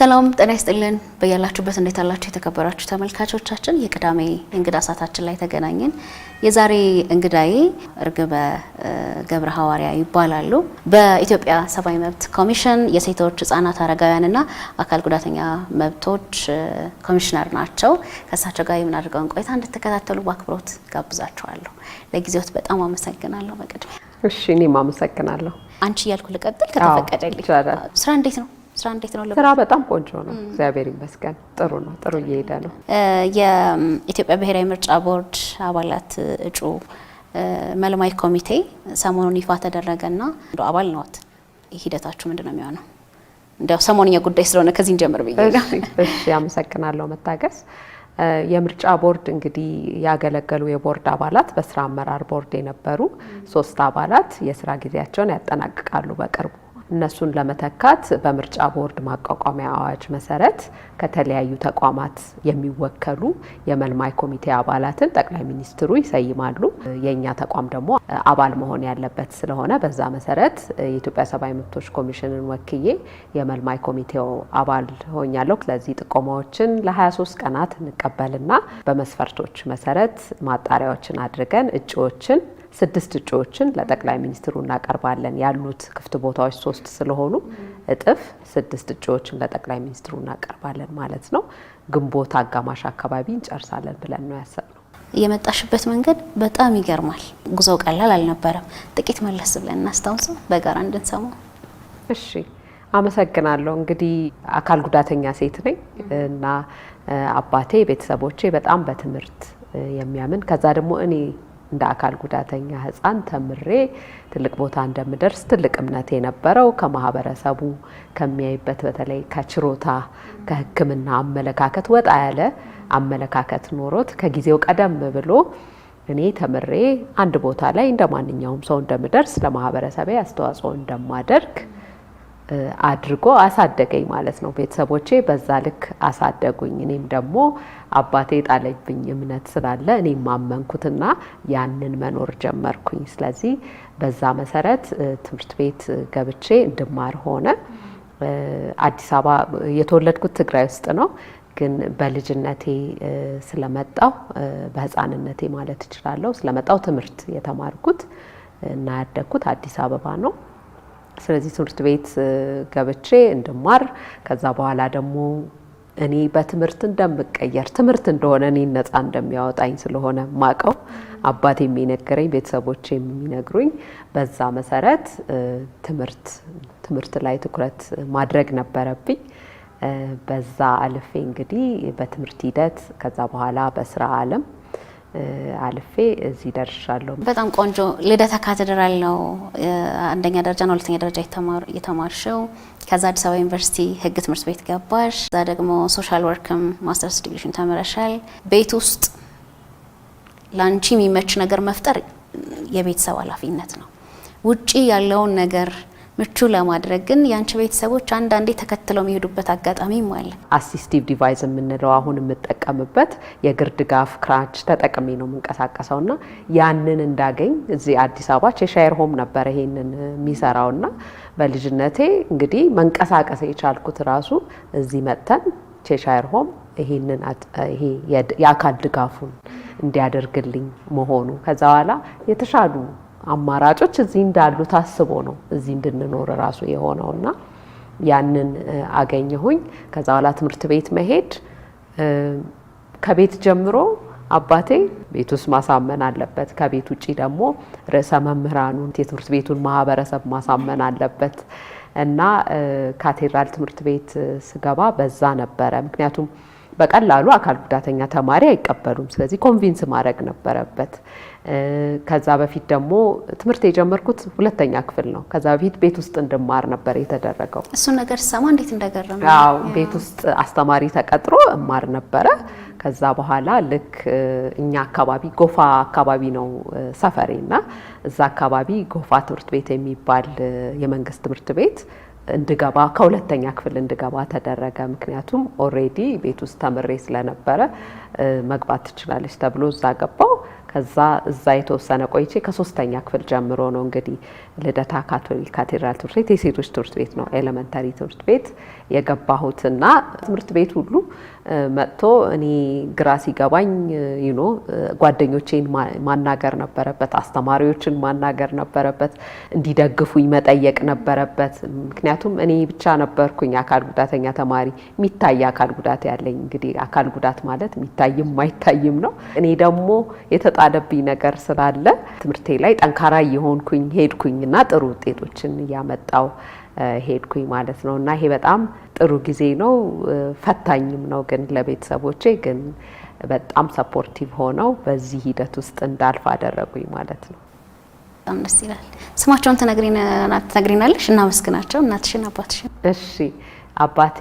ሰላም ጤና ይስጥልን። በያላችሁበት እንዴት አላችሁ? የተከበራችሁ ተመልካቾቻችን የቅዳሜ እንግዳ ሰዓታችን ላይ ተገናኘን። የዛሬ እንግዳዬ እርግበ ገብረ ሐዋርያ ይባላሉ። በኢትዮጵያ ሰብአዊ መብት ኮሚሽን የሴቶች ሕጻናት፣ አረጋውያንና አካል ጉዳተኛ መብቶች ኮሚሽነር ናቸው። ከእሳቸው ጋር የምናደርገውን ቆይታ እንድትከታተሉ በአክብሮት ጋብዛችኋለሁ። ለጊዜዎት በጣም አመሰግናለሁ። በቅድሚያ እሺ፣ እኔም አመሰግናለሁ። አንቺ እያልኩ ልቀጥል ከተፈቀደልኝ። ስራ እንዴት ነው? ስራ እንዴት ነው? ስራ በጣም ቆንጆ ነው፣ እግዚአብሔር ይመስገን። ጥሩ ነው፣ ጥሩ እየሄደ ነው። የኢትዮጵያ ብሔራዊ ምርጫ ቦርድ አባላት እጩ መልማይ ኮሚቴ ሰሞኑን ይፋ ተደረገና እንደ አባል ነዎት፣ ሂደታችሁ ምንድን ነው የሚሆነው? እንዲያው ሰሞንኛ ጉዳይ ስለሆነ ከዚህ እንጀምር ብዬ ያመሰግናለሁ። መታገስ የምርጫ ቦርድ እንግዲህ ያገለገሉ የቦርድ አባላት በስራ አመራር ቦርድ የነበሩ ሶስት አባላት የስራ ጊዜያቸውን ያጠናቅቃሉ በቅርቡ እነሱን ለመተካት በምርጫ ቦርድ ማቋቋሚያ አዋጅ መሰረት ከተለያዩ ተቋማት የሚወከሉ የመልማይ ኮሚቴ አባላትን ጠቅላይ ሚኒስትሩ ይሰይማሉ። የእኛ ተቋም ደግሞ አባል መሆን ያለበት ስለሆነ በዛ መሰረት የኢትዮጵያ ሰብአዊ መብቶች ኮሚሽንን ወክዬ የመልማይ ኮሚቴው አባል ሆኛለሁ። ስለዚህ ጥቆማዎችን ለ23 ቀናት እንቀበልና በመስፈርቶች መሰረት ማጣሪያዎችን አድርገን እጩዎችን ስድስት እጩዎችን ለጠቅላይ ሚኒስትሩ እናቀርባለን። ያሉት ክፍት ቦታዎች ሶስት ስለሆኑ እጥፍ ስድስት እጩዎችን ለጠቅላይ ሚኒስትሩ እናቀርባለን ማለት ነው። ግንቦት አጋማሽ አካባቢ እንጨርሳለን ብለን ነው ያሰብነው። የመጣሽበት መንገድ በጣም ይገርማል። ጉዞው ቀላል አልነበረም። ጥቂት መለስ ብለን እናስታውሰው በጋራ እንድንሰማው። እሺ አመሰግናለሁ። እንግዲህ አካል ጉዳተኛ ሴት ነኝ እና አባቴ ቤተሰቦቼ በጣም በትምህርት የሚያምን ከዛ ደግሞ እኔ እንደ አካል ጉዳተኛ ህፃን ተምሬ ትልቅ ቦታ እንደምደርስ ትልቅ እምነት የነበረው ከማህበረሰቡ ከሚያይበት በተለይ ከችሮታ ከህክምና አመለካከት ወጣ ያለ አመለካከት ኖሮት ከጊዜው ቀደም ብሎ እኔ ተምሬ አንድ ቦታ ላይ እንደ ማንኛውም ሰው እንደምደርስ ለማህበረሰቤ አስተዋጽኦ እንደማደርግ አድርጎ አሳደገኝ ማለት ነው። ቤተሰቦቼ በዛ ልክ አሳደጉኝ። እኔም ደግሞ አባቴ የጣለብኝ እምነት ስላለ እኔም ማመንኩትና ያንን መኖር ጀመርኩኝ። ስለዚህ በዛ መሰረት ትምህርት ቤት ገብቼ እንድማር ሆነ። አዲስ አበባ የተወለድኩት ትግራይ ውስጥ ነው ግን በልጅነቴ ስለመጣው በህፃንነቴ ማለት እችላለሁ ስለመጣው ትምህርት የተማርኩት እና ያደግኩት አዲስ አበባ ነው። ስለዚህ ትምህርት ቤት ገብቼ እንድማር ከዛ በኋላ ደግሞ እኔ በትምህርት እንደምቀየር ትምህርት እንደሆነ እኔ ነፃ እንደሚያወጣኝ ስለሆነ ማቀው አባት የሚነግረኝ ቤተሰቦች የሚነግሩኝ በዛ መሰረት ትምህርት ትምህርት ላይ ትኩረት ማድረግ ነበረብኝ። በዛ አልፌ እንግዲህ በትምህርት ሂደት ከዛ በኋላ በስራ አለም። አልፌ እዚህ ደርሻለሁ። በጣም ቆንጆ። ልደታ ካቴድራል ነው አንደኛ ደረጃና ሁለተኛ ደረጃ የተማርሽው። ከዛ አዲስ አበባ ዩኒቨርሲቲ ህግ ትምህርት ቤት ገባሽ። እዛ ደግሞ ሶሻል ወርክም ማስተርስ ዲግሪሽን ተምረሻል። ቤት ውስጥ ለአንቺ የሚመች ነገር መፍጠር የቤተሰብ ኃላፊነት ነው። ውጪ ያለውን ነገር ምቹ ለማድረግ ግን የአንቺ ቤተሰቦች አንዳንዴ ተከትለው የሚሄዱበት አጋጣሚ አለ። አሲስቲቭ ዲቫይስ የምንለው አሁን የምጠቀምበት የእግር ድጋፍ ክራች ተጠቅሜ ነው የምንቀሳቀሰው ና ያንን እንዳገኝ እዚህ አዲስ አበባ ቼሻየር ሆም ነበረ ይሄንን የሚሰራው ና በልጅነቴ እንግዲህ መንቀሳቀስ የቻልኩት ራሱ እዚህ መጥተን ቼሻየር ሆም ይሄንን ይሄ የአካል ድጋፉን እንዲያደርግልኝ መሆኑ ከዛ በኋላ የተሻሉ አማራጮች እዚህ እንዳሉ ታስቦ ነው እዚህ እንድንኖር ራሱ የሆነውና ያንን አገኘሁኝ። ከዛ በኋላ ትምህርት ቤት መሄድ ከቤት ጀምሮ አባቴ ቤት ውስጥ ማሳመን አለበት። ከቤት ውጭ ደግሞ ርዕሰ መምህራኑን የትምህርት ቤቱን ማህበረሰብ ማሳመን አለበት እና ካቴድራል ትምህርት ቤት ስገባ በዛ ነበረ ምክንያቱም በቀላሉ አካል ጉዳተኛ ተማሪ አይቀበሉም። ስለዚህ ኮንቪንስ ማድረግ ነበረበት። ከዛ በፊት ደግሞ ትምህርት የጀመርኩት ሁለተኛ ክፍል ነው። ከዛ በፊት ቤት ውስጥ እንድማር ነበር የተደረገው። እሱ ነገር ሰማ እንዴት እንደገረመ። አዎ ቤት ውስጥ አስተማሪ ተቀጥሮ እማር ነበረ። ከዛ በኋላ ልክ እኛ አካባቢ ጎፋ አካባቢ ነው ሰፈሬ እና እዛ አካባቢ ጎፋ ትምህርት ቤት የሚባል የመንግስት ትምህርት ቤት እንድገባ ከሁለተኛ ክፍል እንድገባ ተደረገ። ምክንያቱም ኦሬዲ ቤት ውስጥ ተምሬ ስለነበረ መግባት ትችላለች ተብሎ እዛ ገባው። ከዛ እዛ የተወሰነ ቆይቼ ከሶስተኛ ክፍል ጀምሮ ነው እንግዲህ ልደታ ካቶሊክ ካቴድራል ትምህርት ቤት የሴቶች ትምህርት ቤት ነው ኤሌመንታሪ ትምህርት ቤት የገባሁትና ትምህርት ቤት ሁሉ መጥቶ እኔ ግራ ሲገባኝ ዩኖ ጓደኞቼን ማናገር ነበረበት፣ አስተማሪዎችን ማናገር ነበረበት፣ እንዲደግፉኝ መጠየቅ ነበረበት። ምክንያቱም እኔ ብቻ ነበርኩኝ አካል ጉዳተኛ ተማሪ የሚታይ አካል ጉዳት ያለኝ። እንግዲህ አካል ጉዳት ማለት የሚታይም ማይታይም ነው። እኔ ደግሞ የተጣለብኝ ነገር ስላለ ትምህርቴ ላይ ጠንካራ የሆንኩኝ ሄድኩኝ እና ጥሩ ውጤቶችን እያመጣው ሄድኩኝ ማለት ነው። እና ይሄ በጣም ጥሩ ጊዜ ነው፣ ፈታኝም ነው። ግን ለቤተሰቦቼ ግን በጣም ሰፖርቲቭ ሆነው በዚህ ሂደት ውስጥ እንዳልፍ አደረጉኝ ማለት ነው። በጣም ደስ ይላል። ስማቸውን ትነግሪናለሽ? እናመስግናቸው እናትሽን፣ አባትሽን። እሺ፣ አባቴ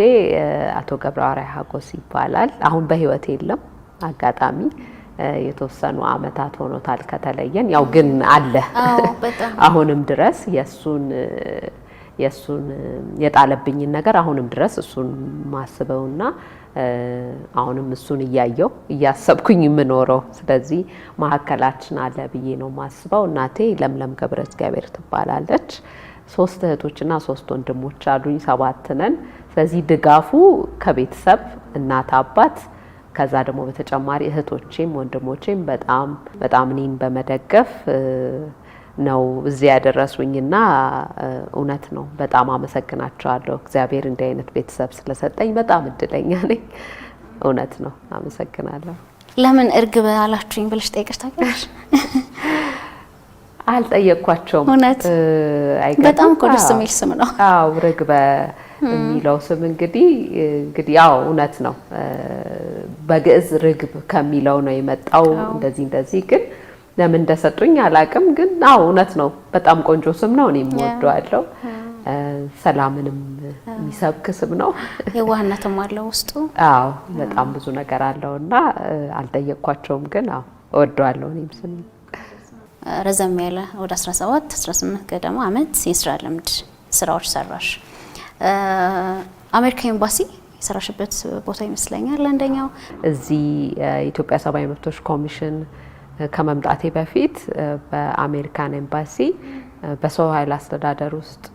አቶ ገብረዋርያ ሀጎስ ይባላል። አሁን በህይወት የለም። አጋጣሚ የተወሰኑ አመታት ሆኖታል ከተለየን። ያው ግን አለ አሁንም ድረስ የእሱን የእሱን የጣለብኝን ነገር አሁንም ድረስ እሱን ማስበውና አሁንም እሱን እያየው እያሰብኩኝ የምኖረው ስለዚህ መሀከላችን አለ ብዬ ነው ማስበው። እናቴ ለምለም ገብረ እግዚአብሔር ትባላለች። ሶስት እህቶችና ሶስት ወንድሞች አሉኝ። ሰባት ነን። ስለዚህ ድጋፉ ከቤተሰብ እናት፣ አባት ከዛ ደግሞ በተጨማሪ እህቶቼም ወንድሞቼም በጣም በጣም እኔን በመደገፍ ነው እዚህ ያደረሱኝና እውነት ነው በጣም አመሰግናቸዋለሁ። እግዚአብሔር እንዲህ አይነት ቤተሰብ ስለሰጠኝ በጣም እድለኛ ነኝ። እውነት ነው አመሰግናለሁ። ለምን እርግብ አላችሁኝ ብለሽ ጠይቀሽ ታውቂያለሽ? አልጠየቅኳቸውም። እውነት በጣም እኮ ደስ የሚል ስም ነው። አዎ ርግበ የሚለው ስም እንግዲህ እንግዲህ ያው እውነት ነው በግዕዝ ርግብ ከሚለው ነው የመጣው እንደዚህ እንደዚህ ግን ለምን እንደሰጡኝ አላቅም፣ ግን አዎ እውነት ነው። በጣም ቆንጆ ስም ነው። እኔም ወደዋለሁ። ሰላምንም የሚሰብክ ስም ነው። የዋህነትም አለው ውስጡ። አዎ በጣም ብዙ ነገር አለው እና አልጠየቅኳቸውም፣ ግን አዎ እወደዋለሁ። እኔም ስም ረዘም ያለ ወደ 17 18 ገደማ አመት የስራ ልምድ ስራዎች ሰራሽ አሜሪካ ኤምባሲ የሰራሽበት ቦታ ይመስለኛል አንደኛው። እዚህ የኢትዮጵያ ሰብአዊ መብቶች ኮሚሽን ከመምጣቴ በፊት በአሜሪካን ኤምባሲ በሰው ኃይል አስተዳደር ውስጥ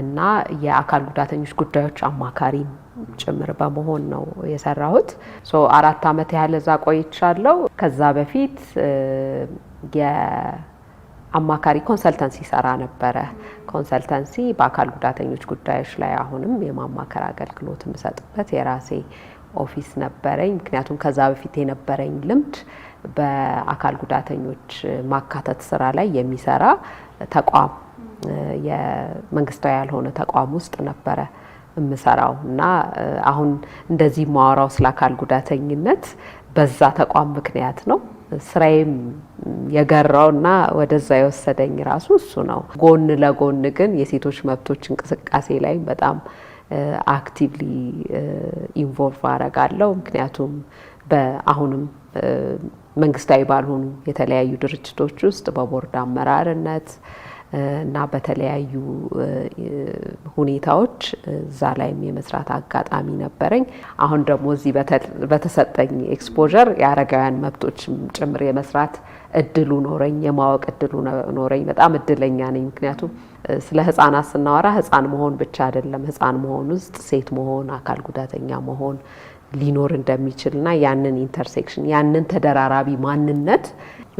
እና የአካል ጉዳተኞች ጉዳዮች አማካሪ ጭምር በመሆን ነው የሰራሁት። አራት አመት ያህል እዛ ቆይቻለሁ። ከዛ በፊት የአማካሪ ኮንሰልተንሲ ሰራ ነበረ። ኮንሰልተንሲ በአካል ጉዳተኞች ጉዳዮች ላይ አሁንም የማማከር አገልግሎት የምሰጥበት የራሴ ኦፊስ ነበረኝ። ምክንያቱም ከዛ በፊት የነበረኝ ልምድ በአካል ጉዳተኞች ማካተት ስራ ላይ የሚሰራ ተቋም የመንግስታዊ ያልሆነ ተቋም ውስጥ ነበረ የምሰራው እና አሁን እንደዚህ ማወራው ስለ አካል ጉዳተኝነት በዛ ተቋም ምክንያት ነው። ስራዬም እና ወደዛ የወሰደኝ ራሱ እሱ ነው። ጎን ለጎን ግን የሴቶች መብቶች እንቅስቃሴ ላይ በጣም አክቲቭሊ ኢንቮልቭ አረጋለው ምክንያቱም በአሁንም መንግስታዊ ባልሆኑ የተለያዩ ድርጅቶች ውስጥ በቦርድ አመራርነት እና በተለያዩ ሁኔታዎች እዛ ላይም የመስራት አጋጣሚ ነበረኝ። አሁን ደግሞ እዚህ በተሰጠኝ ኤክስፖዠር የአረጋውያን መብቶች ጭምር የመስራት እድሉ ኖረኝ፣ የማወቅ እድሉ ኖረኝ። በጣም እድለኛ ነኝ ምክንያቱም ስለ ህጻናት ስናወራ ህጻን መሆን ብቻ አይደለም። ህጻን መሆን ውስጥ ሴት መሆን፣ አካል ጉዳተኛ መሆን ሊኖር እንደሚችልና ያንን ኢንተርሴክሽን ያንን ተደራራቢ ማንነት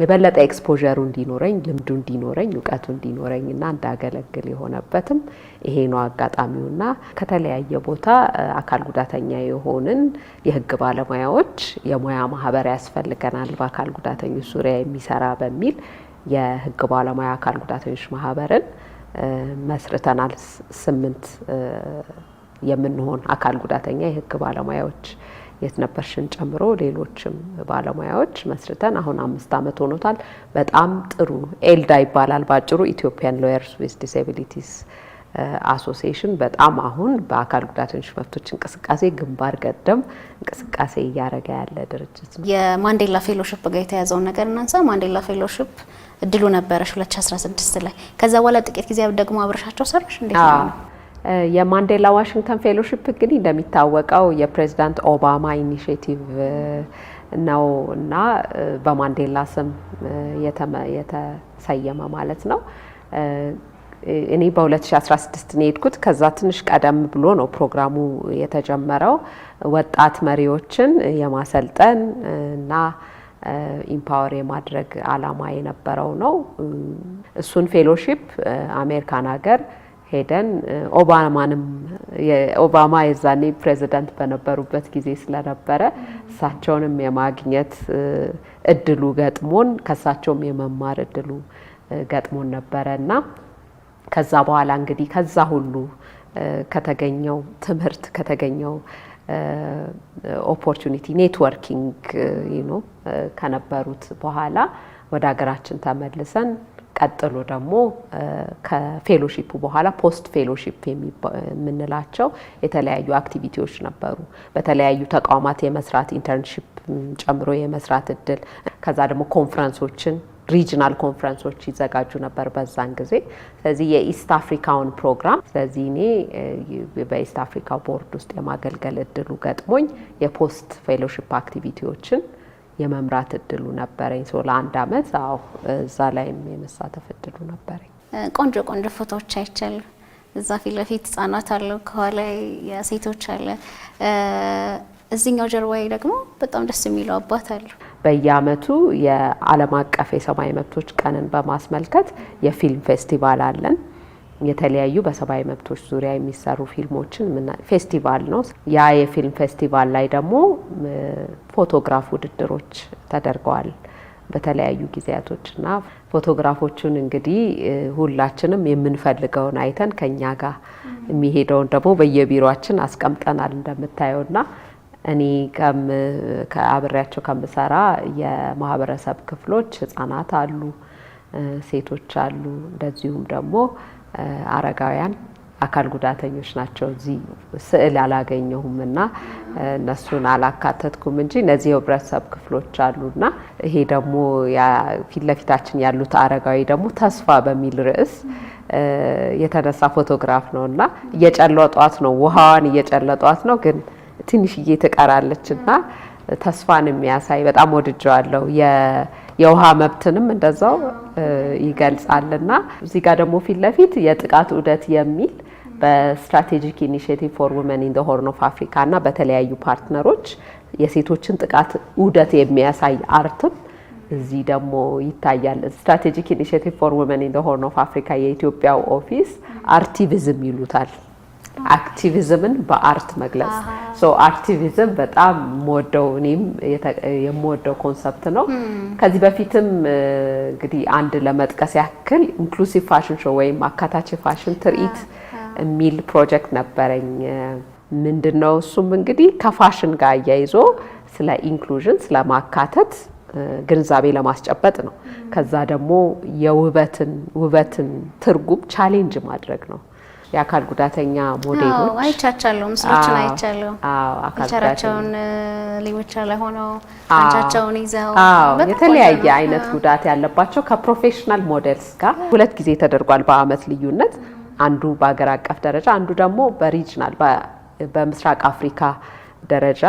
የበለጠ ኤክስፖዠሩ እንዲኖረኝ ልምዱ እንዲኖረኝ እውቀቱ እንዲኖረኝ እና እንዳገለግል የሆነበትም ይሄ ነው አጋጣሚውና ከተለያየ ቦታ አካል ጉዳተኛ የሆንን የህግ ባለሙያዎች የሙያ ማህበር ያስፈልገናል በአካል ጉዳተኞች ዙሪያ የሚሰራ በሚል የህግ ባለሙያ አካል ጉዳተኞች ማህበርን መስርተናል። ስምንት የምንሆን አካል ጉዳተኛ የህግ ባለሙያዎች የት ነበርሽን ጨምሮ ሌሎችም ባለሙያዎች መስርተን አሁን አምስት ዓመት ሆኖታል። በጣም ጥሩ ኤልዳ ይባላል ባጭሩ ኢትዮጵያን ሎየርስ ዊዝ ዲስኤቢሊቲስ አሶሲዬሽን በጣም አሁን በአካል ጉዳተኞች መብቶች እንቅስቃሴ ግንባር ቀደም እንቅስቃሴ እያደረገ ያለ ድርጅት ነው። የማንዴላ ፌሎሽፕ ጋር የተያዘውን ነገር እናንሳ። ማንዴላ ፌሎሽፕ እድሉ ነበረሽ 2016 ላይ። ከዛ በኋላ ጥቂት ጊዜ ደግሞ አብረሻቸው ሰራሽ። እንዴት ነው የማንዴላ ዋሽንግተን ፌሎሽፕ? እንግዲህ እንደሚታወቀው የፕሬዚዳንት ኦባማ ኢኒሽቲቭ ነው እና በማንዴላ ስም የተሰየመ ማለት ነው እኔ በ2016 ነው የሄድኩት። ከዛ ትንሽ ቀደም ብሎ ነው ፕሮግራሙ የተጀመረው። ወጣት መሪዎችን የማሰልጠን እና ኢምፓወር የማድረግ አላማ የነበረው ነው። እሱን ፌሎሺፕ አሜሪካን ሀገር ሄደን ኦባማንም ኦባማ የዛኔ ፕሬዚዳንት በነበሩበት ጊዜ ስለነበረ እሳቸውንም የማግኘት እድሉ ገጥሞን ከእሳቸውም የመማር እድሉ ገጥሞን ነበረ እና ከዛ በኋላ እንግዲህ ከዛ ሁሉ ከተገኘው ትምህርት ከተገኘው ኦፖርቹኒቲ ኔትወርኪንግ ይኖ ከነበሩት በኋላ ወደ ሀገራችን ተመልሰን ቀጥሎ ደግሞ ከፌሎሺፑ በኋላ ፖስት ፌሎሺፕ የምንላቸው የተለያዩ አክቲቪቲዎች ነበሩ። በተለያዩ ተቋማት የመስራት ኢንተርንሺፕ ጨምሮ የመስራት እድል ከዛ ደግሞ ኮንፈረንሶችን ሪጅናል ኮንፈረንሶች ይዘጋጁ ነበር በዛን ጊዜ። ስለዚህ የኢስት አፍሪካውን ፕሮግራም ስለዚህ እኔ በኢስት አፍሪካ ቦርድ ውስጥ የማገልገል እድሉ ገጥሞኝ የፖስት ፌሎሺፕ አክቲቪቲዎችን የመምራት እድሉ ነበረኝ። ሶ ለአንድ አመት አሁ እዛ ላይም የመሳተፍ እድሉ ነበረኝ። ቆንጆ ቆንጆ ፎቶዎች አይቻል። እዛ ፊት ለፊት ህጻናት አለው፣ ከኋላ የሴቶች አለ፣ እዚኛው ጀርባዬ ደግሞ በጣም ደስ የሚለው አባት አለሁ። በየአመቱ የዓለም አቀፍ የሰብአዊ መብቶች ቀንን በማስመልከት የፊልም ፌስቲቫል አለን። የተለያዩ በሰብአዊ መብቶች ዙሪያ የሚሰሩ ፊልሞችን ፌስቲቫል ነው። ያ የፊልም ፌስቲቫል ላይ ደግሞ ፎቶግራፍ ውድድሮች ተደርገዋል በተለያዩ ጊዜያቶች እና ፎቶግራፎቹን እንግዲህ ሁላችንም የምንፈልገውን አይተን ከኛ ጋር የሚሄደውን ደግሞ በየቢሮችን አስቀምጠናል እንደምታየውና እኔ ቀም ከአብሬያቸው ከምሰራ የማህበረሰብ ክፍሎች ህጻናት አሉ፣ ሴቶች አሉ፣ እንደዚሁም ደግሞ አረጋውያን አካል ጉዳተኞች ናቸው። እዚህ ስዕል አላገኘሁም እና እነሱን አላካተትኩም እንጂ እነዚህ የህብረተሰብ ክፍሎች አሉና ይሄ ደግሞ ፊት ለፊታችን ያሉት አረጋዊ ደግሞ ተስፋ በሚል ርዕስ የተነሳ ፎቶግራፍ ነው እና እየጨለጧት ነው ውሃዋን እየጨለጧት ነው ግን ትንሽዬ ትቀራለች እና ተስፋን የሚያሳይ በጣም ወድጀዋለሁ። የውሃ መብትንም እንደዛው ይገልጻልና እዚህ ጋር ደግሞ ፊት ለፊት የጥቃት ውደት የሚል በስትራቴጂክ ኢኒሽቲቭ ፎር ውመን ኢን ሆርን ኦፍ አፍሪካ እና በተለያዩ ፓርትነሮች የሴቶችን ጥቃት ውደት የሚያሳይ አርትም እዚህ ደግሞ ይታያል። ስትራቴጂክ ኢኒሽቲቭ ፎር ውመን ኢን ሆርን ኦፍ አፍሪካ የኢትዮጵያው ኦፊስ አርቲቪዝም ይሉታል። አክቲቪዝምን በአርት መግለጽ። አክቲቪዝም በጣም የምወደው እኔም የምወደው ኮንሰፕት ነው። ከዚህ በፊትም እንግዲህ አንድ ለመጥቀስ ያክል ኢንክሉሲቭ ፋሽን ሾው ወይም አካታች ፋሽን ትርኢት የሚል ፕሮጀክት ነበረኝ። ምንድን ነው እሱም እንግዲህ ከፋሽን ጋር አያይዞ ስለ ኢንክሉዥን ስለማካተት ግንዛቤ ለማስጨበጥ ነው። ከዛ ደግሞ የውበትን ውበትን ትርጉም ቻሌንጅ ማድረግ ነው። የአካል ጉዳተኛ ሞዴሎች አይቻቻለሁ፣ ምስሎችን አይቻለሁ። ቸራቸውን ሌቦች ላይ ሆነው አንቻቸውን ይዘው የተለያየ አይነት ጉዳት ያለባቸው ከፕሮፌሽናል ሞዴልስ ጋር ሁለት ጊዜ ተደርጓል በአመት ልዩነት፣ አንዱ በሀገር አቀፍ ደረጃ፣ አንዱ ደግሞ በሪጅናል በምስራቅ አፍሪካ ደረጃ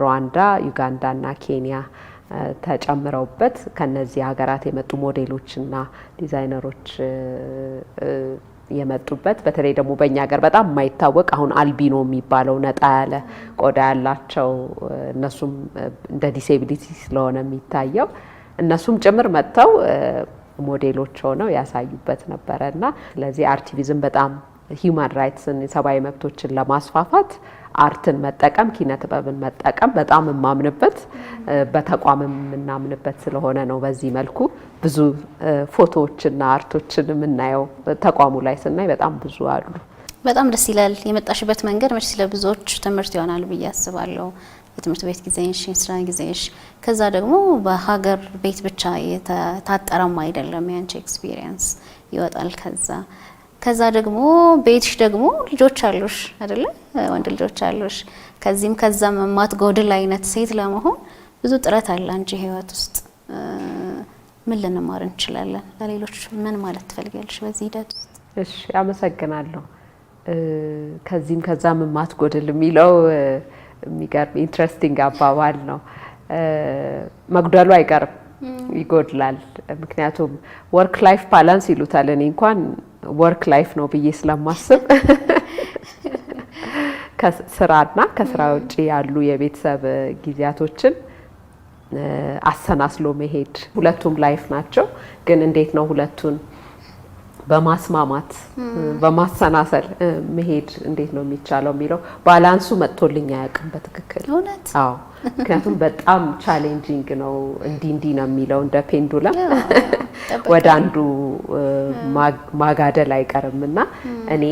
ሩዋንዳ፣ ዩጋንዳ እና ኬንያ ተጨምረውበት ከነዚህ ሀገራት የመጡ ሞዴሎችና ዲዛይነሮች የመጡበት በተለይ ደግሞ በእኛ ሀገር በጣም የማይታወቅ አሁን አልቢኖ የሚባለው ነጣ ያለ ቆዳ ያላቸው እነሱም እንደ ዲሴቢሊቲ ስለሆነ የሚታየው እነሱም ጭምር መጥተው ሞዴሎች ሆነው ያሳዩበት ነበረ እና ስለዚህ አርቲቪዝም በጣም ሂውማን ራይትስን የሰብአዊ መብቶችን ለማስፋፋት አርትን መጠቀም ኪነ ጥበብን መጠቀም በጣም የማምንበት በተቋም የምናምንበት ስለሆነ ነው። በዚህ መልኩ ብዙ ፎቶዎችና አርቶችን የምናየው ተቋሙ ላይ ስናይ በጣም ብዙ አሉ። በጣም ደስ ይላል። የመጣሽበት መንገድ መች ለብዙዎች ትምህርት ይሆናል ብዬ አስባለሁ። የትምህርት ቤት ጊዜሽ፣ የስራ ጊዜሽ፣ ከዛ ደግሞ በሀገር ቤት ብቻ የታጠረም አይደለም። ያንቺ ኤክስፒሪየንስ ይወጣል ከዛ ከዛ ደግሞ ቤትሽ ደግሞ ልጆች አሉሽ አይደለ? ወንድ ልጆች አሉሽ። ከዚህም ከዛ መማት ጎድል አይነት ሴት ለመሆን ብዙ ጥረት አለ አንቺ ህይወት ውስጥ ምን ልንማር እንችላለን? ለሌሎች ምን ማለት ትፈልጊያለሽ በዚህ ሂደት ውስጥ? እሺ አመሰግናለሁ። ከዚህም መማት ጎድል የሚለው የሚገርም ኢንትረስቲንግ አባባል ነው። መጉደሉ አይቀርም ይጎድላል። ምክንያቱም ወርክ ላይፍ ባላንስ ይሉታል። እኔ እንኳን ወርክ ላይፍ ነው ብዬ ስለማስብ ከስራና ከስራ ውጭ ያሉ የቤተሰብ ጊዜያቶችን አሰናስሎ መሄድ ሁለቱም ላይፍ ናቸው። ግን እንዴት ነው ሁለቱን በማስማማት በማሰናሰል መሄድ እንዴት ነው የሚቻለው የሚለው ባላንሱ መጥቶልኝ አያውቅም በትክክል እውነት። አዎ ምክንያቱም በጣም ቻሌንጂንግ ነው። እንዲህ እንዲህ ነው የሚለው እንደ ፔንዱለም ወደ አንዱ ማጋደል አይቀርም እና እኔ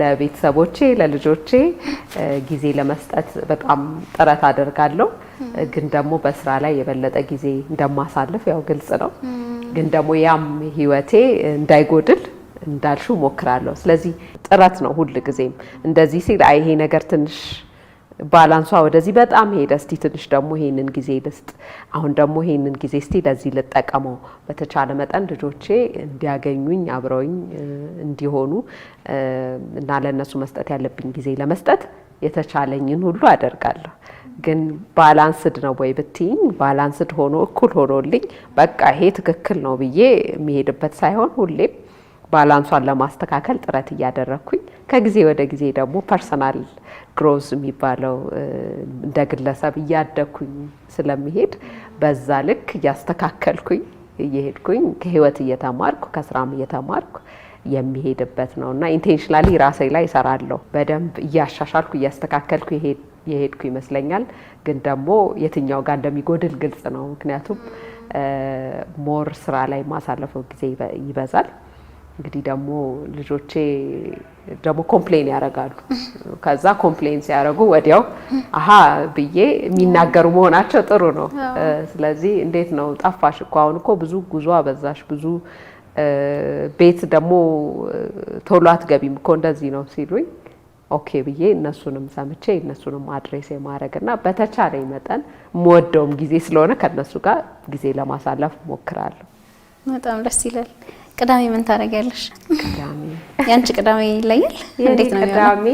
ለቤተሰቦቼ ለልጆቼ ጊዜ ለመስጠት በጣም ጥረት አደርጋለሁ። ግን ደግሞ በስራ ላይ የበለጠ ጊዜ እንደማሳልፍ ያው ግልጽ ነው። ግን ደግሞ ያም ህይወቴ እንዳይጎድል እንዳልሹ ሞክራለሁ። ስለዚህ ጥረት ነው ሁል ጊዜም እንደዚህ ሲል አይ ይሄ ነገር ትንሽ ባላንሷ ወደዚህ በጣም ሄደ፣ እስቲ ትንሽ ደግሞ ይሄንን ጊዜ ልስጥ፣ አሁን ደግሞ ይሄንን ጊዜ እስቲ ለዚህ ልጠቀመው፣ በተቻለ መጠን ልጆቼ እንዲያገኙኝ አብረውኝ እንዲሆኑ እና ለእነሱ መስጠት ያለብኝ ጊዜ ለመስጠት የተቻለኝን ሁሉ አደርጋለሁ። ግን ባላንስድ ነው ወይ ብትይኝ፣ ባላንስድ ሆኖ እኩል ሆኖልኝ በቃ ይሄ ትክክል ነው ብዬ የሚሄድበት ሳይሆን ሁሌም ባላንሷን ለማስተካከል ጥረት እያደረግኩኝ ከጊዜ ወደ ጊዜ ደግሞ ፐርሰናል ግሮዝ የሚባለው እንደ ግለሰብ እያደግኩኝ ስለሚሄድ በዛ ልክ እያስተካከልኩኝ እየሄድኩኝ ከህይወት እየተማርኩ ከስራም እየተማርኩ የሚሄድበት ነው እና ኢንቴንሽናሊ ራሴ ላይ እሰራለሁ። በደንብ እያሻሻልኩ እያስተካከልኩ የሄድኩ ይመስለኛል። ግን ደግሞ የትኛው ጋር እንደሚጎድል ግልጽ ነው። ምክንያቱም ሞር ስራ ላይ ማሳለፈው ጊዜ ይበዛል። እንግዲህ ደግሞ ልጆቼ ደግሞ ኮምፕሌን ያደርጋሉ። ከዛ ኮምፕሌን ሲያደርጉ ወዲያው አሀ ብዬ የሚናገሩ መሆናቸው ጥሩ ነው። ስለዚህ እንዴት ነው ጠፋሽ እኮ አሁን እኮ ብዙ ጉዞ አበዛሽ፣ ብዙ ቤት ደግሞ ቶሎ አትገቢም እኮ እንደዚህ ነው ሲሉኝ ኦኬ ብዬ እነሱንም ሰምቼ እነሱንም አድሬስ የማድረግ እና በተቻለኝ መጠን የምወደውም ጊዜ ስለሆነ ከእነሱ ጋር ጊዜ ለማሳለፍ ሞክራለሁ። በጣም ደስ ይላል። ቅዳሜ ምን ታደርጊያለሽ? ቅዳሜ ያንቺ ቅዳሜ ይለያል። እንዴት ነው? ቅዳሜ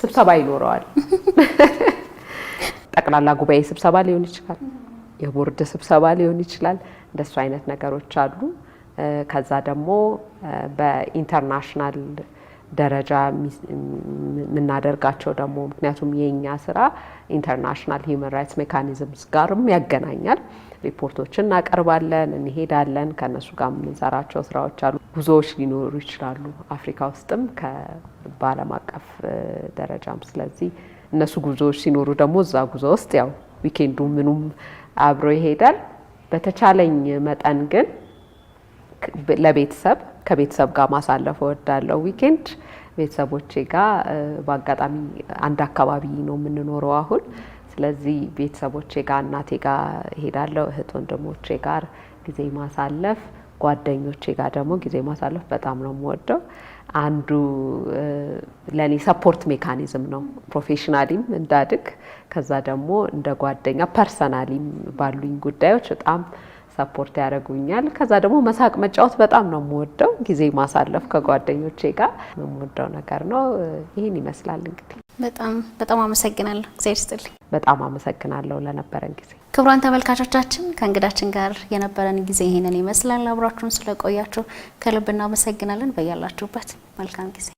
ስብሰባ ይኖረዋል። ጠቅላላ ጉባኤ ስብሰባ ሊሆን ይችላል፣ የቦርድ ስብሰባ ሊሆን ይችላል። እንደሱ አይነት ነገሮች አሉ። ከዛ ደግሞ በኢንተርናሽናል ደረጃ የምናደርጋቸው ደግሞ ምክንያቱም የእኛ ስራ ኢንተርናሽናል ሂውመን ራይትስ ሜካኒዝምስ ጋርም ያገናኛል። ሪፖርቶችን እናቀርባለን፣ እንሄዳለን። ከእነሱ ጋር የምንሰራቸው ስራዎች አሉ። ጉዞዎች ሊኖሩ ይችላሉ አፍሪካ ውስጥም በዓለም አቀፍ ደረጃም። ስለዚህ እነሱ ጉዞዎች ሲኖሩ ደግሞ እዛ ጉዞ ውስጥ ያው ዊኬንዱ ምኑም አብሮ ይሄዳል። በተቻለኝ መጠን ግን ለቤተሰብ ከቤተሰብ ጋር ማሳለፍ እወዳለሁ። ዊኬንድ ቤተሰቦቼ ጋር በአጋጣሚ አንድ አካባቢ ነው የምንኖረው አሁን። ስለዚህ ቤተሰቦቼ ጋር እናቴ ጋር እሄዳለሁ። እህት ወንድሞቼ ጋር ጊዜ ማሳለፍ፣ ጓደኞቼ ጋር ደግሞ ጊዜ ማሳለፍ በጣም ነው የምወደው። አንዱ ለእኔ ሰፖርት ሜካኒዝም ነው ፕሮፌሽናሊም እንዳድግ ከዛ ደግሞ እንደ ጓደኛ ፐርሰናሊም ባሉኝ ጉዳዮች በጣም ሰፖርት ያደርጉኛል። ከዛ ደግሞ መሳቅ መጫወት በጣም ነው የምወደው። ጊዜ ማሳለፍ ከጓደኞቼ ጋር የምወደው ነገር ነው። ይህን ይመስላል እንግዲህ። በጣም በጣም አመሰግናለሁ። እግዚአብሔር ይስጥልኝ። በጣም አመሰግናለሁ ለነበረን ጊዜ። ክቡራን ተመልካቾቻችን ከእንግዳችን ጋር የነበረን ጊዜ ይህንን ይመስላል። አብሯችሁን ስለቆያችሁ ከልብ እናመሰግናለን። በያላችሁበት መልካም ጊዜ